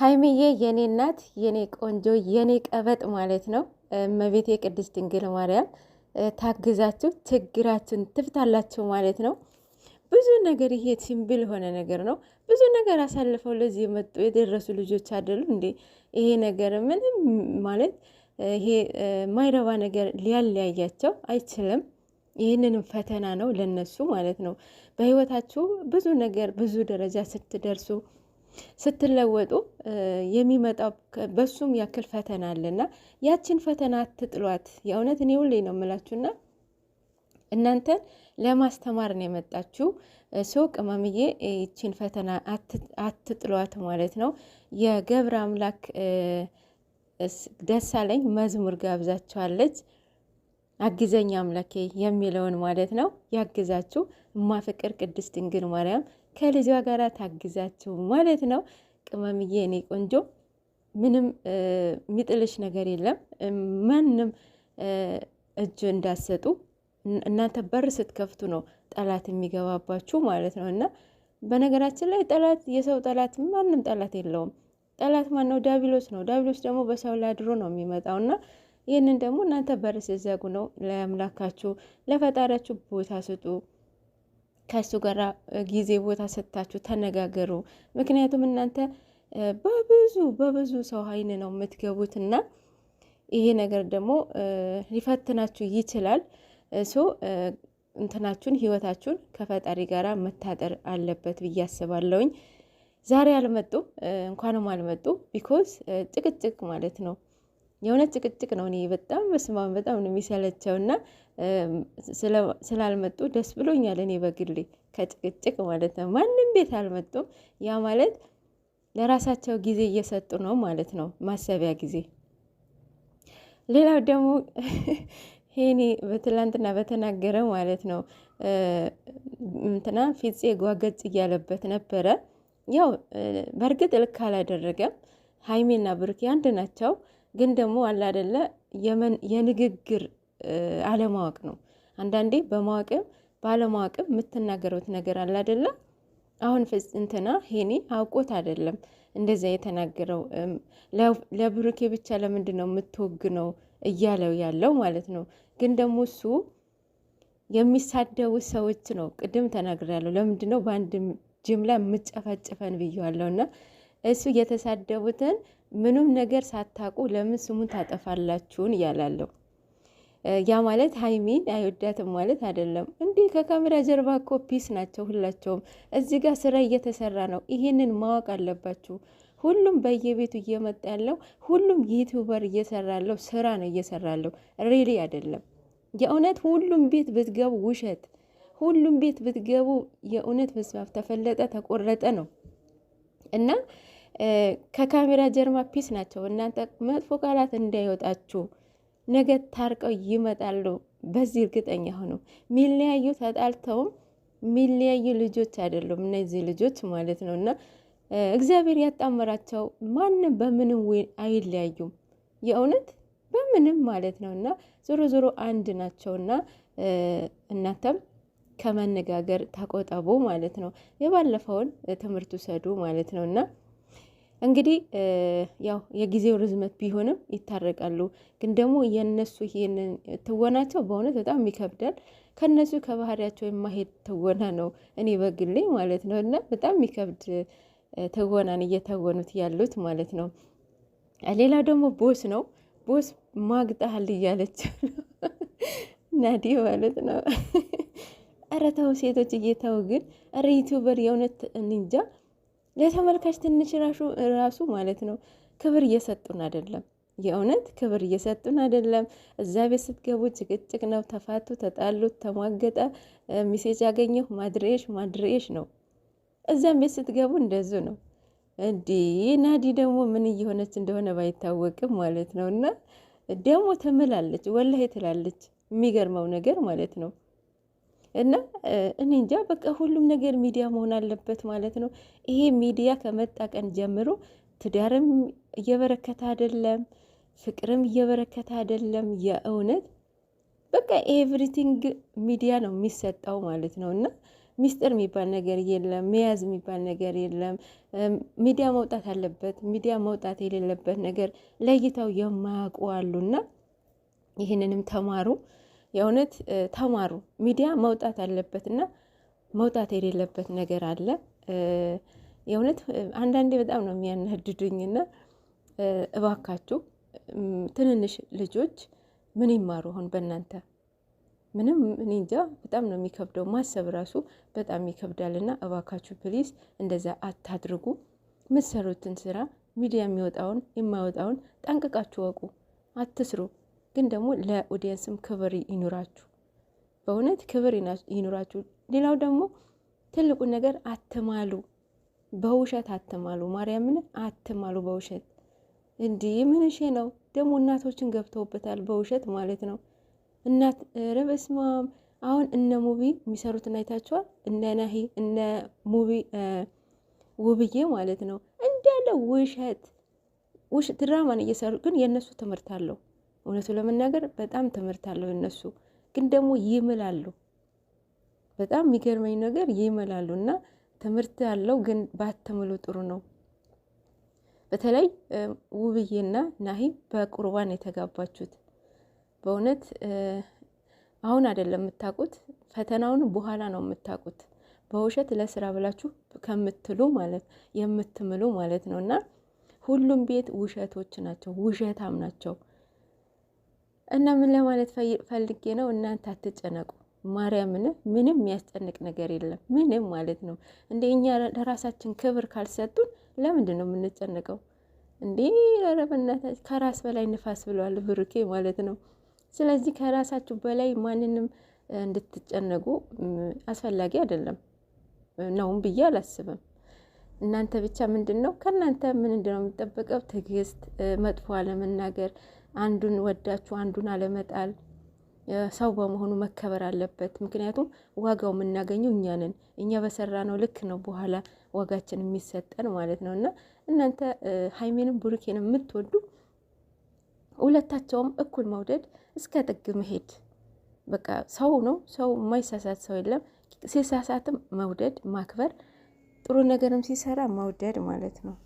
ሀይሚዬ የኔ እናት የኔ ቆንጆ የኔ ቀበጥ ማለት ነው። እመቤቴ ቅድስት ድንግል ማርያም ታግዛችሁ ችግራችሁን ትፍታላችሁ ማለት ነው። ብዙ ነገር ይሄ ሲምብል የሆነ ነገር ነው። ብዙ ነገር አሳልፈው ለዚህ የመጡ የደረሱ ልጆች አይደሉ እንዴ? ይሄ ነገር ምንም ማለት ይሄ ማይረባ ነገር ሊያለያያቸው አይችልም። ይህንንም ፈተና ነው ለነሱ ማለት ነው። በህይወታችሁ ብዙ ነገር ብዙ ደረጃ ስትደርሱ ስትለወጡ የሚመጣው በሱም ያክል ፈተና አለና ያችን ፈተና አትጥሏት። የእውነት እኔ ሁሌ ነው የምላችሁና እናንተን ለማስተማር ነው የመጣችው ሰው ቅመምዬ፣ ይችን ፈተና አትጥሏት ማለት ነው። የገብረ አምላክ ደሳለኝ መዝሙር ጋብዛችኋለች። አግዘኝ አምላኬ የሚለውን ማለት ነው። ያግዛችሁ እማ ቅድስት ድንግል ማርያም ከልጇ ጋር ታግዛችሁ ማለት ነው። ቅመምዬ እኔ ቆንጆ ምንም የሚጥልሽ ነገር የለም። ማንም እጅ እንዳሰጡ እናንተ በር ስትከፍቱ ነው ጠላት የሚገባባችሁ ማለት ነው። እና በነገራችን ላይ ጠላት የሰው ጠላት ማንም ጠላት የለውም። ጠላት ማን ነው? ዳቢሎስ ነው። ዳቢሎስ ደግሞ በሰው ላይ አድሮ ነው የሚመጣው እና ይህንን ደግሞ እናንተ በር ስትዘጉ ነው። ለአምላካችሁ ለፈጣሪያችሁ ቦታ ስጡ። ከእሱ ጋር ጊዜ ቦታ ሰጥታችሁ ተነጋገሩ። ምክንያቱም እናንተ በብዙ በብዙ ሰው አይን ነው የምትገቡት እና ይሄ ነገር ደግሞ ሊፈትናችሁ ይችላል። እሱ እንትናችሁን ህይወታችሁን ከፈጣሪ ጋር መታጠር አለበት ብዬ አስባለሁኝ። ዛሬ አልመጡም፣ እንኳንም አልመጡ ቢኮዝ ጭቅጭቅ ማለት ነው። የእውነት ጭቅጭቅ ነው። እኔ በጣም በስማን በጣም ነው የሚሰለቸው እና ስላልመጡ ደስ ብሎኛል። እኔ በግሌ ከጭቅጭቅ ማለት ነው ማንም ቤት አልመጡም። ያ ማለት ለራሳቸው ጊዜ እየሰጡ ነው ማለት ነው፣ ማሰቢያ ጊዜ። ሌላው ደግሞ ሄኔ በትላንትና በተናገረ ማለት ነው እንትና ፊጼ ጓገጽ እያለበት ነበረ። ያው በእርግጥ ልክ አላደረገም። ሀይሜና ብሩኬ አንድ ናቸው። ግን ደግሞ አለ አይደለ የንግግር አለማወቅ ነው። አንዳንዴ በማወቅም ባለማወቅም የምትናገሩት ነገር አለ አይደለ። አሁን እንትና ሄኔ አውቆት አይደለም እንደዚያ የተናገረው። ለብሩኬ ብቻ ለምንድን ነው የምትወግነው እያለው ያለው ማለት ነው። ግን ደግሞ እሱ የሚሳደቡ ሰዎች ነው ቅድም ተናግሬያለሁ። ለምንድን ነው በአንድ ጅምላ የምጨፈጭፈን ብየዋለሁ። እና እሱ የተሳደቡትን ምንም ነገር ሳታውቁ ለምን ስሙን ታጠፋላችሁን? እያላለሁ ያ ማለት ሀይሚን አይወዳትም ማለት አይደለም። እንዲህ ከካሜራ ጀርባ እኮ ፒስ ናቸው ሁላቸውም። እዚህ ጋር ስራ እየተሰራ ነው። ይህንን ማወቅ አለባችሁ። ሁሉም በየቤቱ እየመጣ ያለው ሁሉም ዩቱበር እየሰራ ስራ ነው እየሰራ ሪሊ አይደለም። የእውነት ሁሉም ቤት ብትገቡ ውሸት፣ ሁሉም ቤት ብትገቡ የእውነት መስማፍ ተፈለጠ ተቆረጠ ነው እና ከካሜራ ጀርባ ፒስ ናቸው። እናንተ መጥፎ ቃላት እንዳይወጣችሁ፣ ነገ ታርቀው ይመጣሉ። በዚህ እርግጠኛ ሆኑ። ሚለያዩ ተጣልተውም ሚለያዩ ልጆች አይደሉም እነዚህ ልጆች ማለት ነው። እና እግዚአብሔር ያጣመራቸው ማንም በምንም አይለያዩም። የእውነት በምንም ማለት ነው። እና ዞሮ ዞሮ አንድ ናቸው። እና እናንተም ከመነጋገር ተቆጠቡ ማለት ነው። የባለፈውን ትምህርት ውሰዱ ማለት ነው እና እንግዲህ ያው የጊዜው ርዝመት ቢሆንም ይታረቃሉ። ግን ደግሞ የነሱ ይሄንን ትወናቸው በእውነት በጣም ይከብዳል። ከነሱ ከባህሪያቸው የማሄድ ትወና ነው፣ እኔ በግሌ ማለት ነው። እና በጣም የሚከብድ ትወናን እየተወኑት ያሉት ማለት ነው። ሌላ ደግሞ ቦስ ነው። ቦስ ማግጣሃል እያለች ናዲ ማለት ነው። ኧረ ተው ሴቶች እየተው ግን ኧረ ዩቲዩበር የእውነት እንጃ ለተመልካች ትንሽ ራሱ ማለት ነው ክብር እየሰጡን አይደለም። የእውነት ክብር እየሰጡን አይደለም። እዛ ቤት ስትገቡ ጭቅጭቅ ነው። ተፋቱ፣ ተጣሉ፣ ተሟገጠ፣ ሚሴጅ ያገኘሁ ማድሬሽ ማድሬሽ ነው። እዛም ቤት ስትገቡ እንደዙ ነው። እንዲህ ናዲ ደግሞ ምን እየሆነች እንደሆነ ባይታወቅም ማለት ነው እና ደግሞ ትምላለች፣ ወላሂ ትላለች። የሚገርመው ነገር ማለት ነው እና እኔ እንጃ በቃ ሁሉም ነገር ሚዲያ መሆን አለበት ማለት ነው። ይሄ ሚዲያ ከመጣ ቀን ጀምሮ ትዳርም እየበረከተ አይደለም፣ ፍቅርም እየበረከተ አይደለም። የእውነት በቃ ኤቭሪቲንግ ሚዲያ ነው የሚሰጠው ማለት ነው እና ሚስጥር የሚባል ነገር የለም። መያዝ የሚባል ነገር የለም። ሚዲያ መውጣት አለበት። ሚዲያ መውጣት የሌለበት ነገር ለይተው የማያውቁ አሉና ይህንንም ተማሩ። የእውነት ተማሩ። ሚዲያ መውጣት አለበትና መውጣት የሌለበት ነገር አለ። የእውነት አንዳንዴ በጣም ነው የሚያናድዱኝና እባካችሁ ትንንሽ ልጆች ምን ይማሩ አሁን በእናንተ ምንም እኔ እንጃ። በጣም ነው የሚከብደው ማሰብ ራሱ በጣም ይከብዳልና እባካችሁ ፕሊስ እንደዛ አታድርጉ። ምሰሩትን ስራ ሚዲያ የሚወጣውን የማይወጣውን ጠንቅቃችሁ ወቁ። አትስሩ። ግን ደግሞ ለኦዲየንስም ክብር ይኑራችሁ። በእውነት ክብር ይኑራችሁ። ሌላው ደግሞ ትልቁን ነገር አትማሉ፣ በውሸት አትማሉ። ማርያምን አትማሉ በውሸት እንዲህ ምንሼ ነው ደግሞ እናቶችን ገብተውበታል በውሸት ማለት ነው። እናት ረበስማም አሁን እነ ሙቪ የሚሰሩትን አይታችኋል። እነ ናሂ እነ ሙቪ ውብዬ ማለት ነው። እንዳለ ውሸት ድራማን እየሰሩ ግን የእነሱ ትምህርት አለው። እውነቱ ለመናገር በጣም ትምህርት አለው። እነሱ ግን ደግሞ ይምላሉ። በጣም የሚገርመኝ ነገር ይምላሉ እና ትምህርት አለው፣ ግን ባትምሉ ጥሩ ነው። በተለይ ውብዬና ናሂ በቁርባን የተጋባችሁት በእውነት አሁን አይደለም የምታውቁት፣ ፈተናውን በኋላ ነው የምታውቁት። በውሸት ለስራ ብላችሁ ከምትሉ ማለት የምትምሉ ማለት ነው እና ሁሉም ቤት ውሸቶች ናቸው፣ ውሸታም ናቸው። እና ምን ለማለት ፈልጌ ነው፣ እናንተ አትጨነቁ። ማርያምን ምንም የሚያስጨንቅ ነገር የለም። ምንም ማለት ነው እንደ እኛ ለራሳችን ክብር ካልሰጡን ለምንድን ነው የምንጨንቀው? እንዴ ረበናታች ከራስ በላይ ንፋስ ብለዋል ብሩኬ ማለት ነው። ስለዚህ ከራሳችሁ በላይ ማንንም እንድትጨነቁ አስፈላጊ አይደለም ነውም ብዬ አላስብም። እናንተ ብቻ ምንድን ነው ከእናንተ ምን እንደሆነ የሚጠበቀው ትዕግስት፣ መጥፎ አለመናገር አንዱን ወዳችሁ አንዱን አለመጣል ሰው በመሆኑ መከበር አለበት። ምክንያቱም ዋጋው የምናገኘው እኛ ነን። እኛ በሰራ ነው ልክ ነው በኋላ ዋጋችን የሚሰጠን ማለት ነው። እና እናንተ ሀይሜንም ብሩኬንም የምትወዱ ሁለታቸውም እኩል መውደድ እስከ ጥግ መሄድ በቃ ሰው ነው። ሰው የማይሳሳት ሰው የለም። ሲሳሳትም መውደድ ማክበር፣ ጥሩ ነገርም ሲሰራ መውደድ ማለት ነው።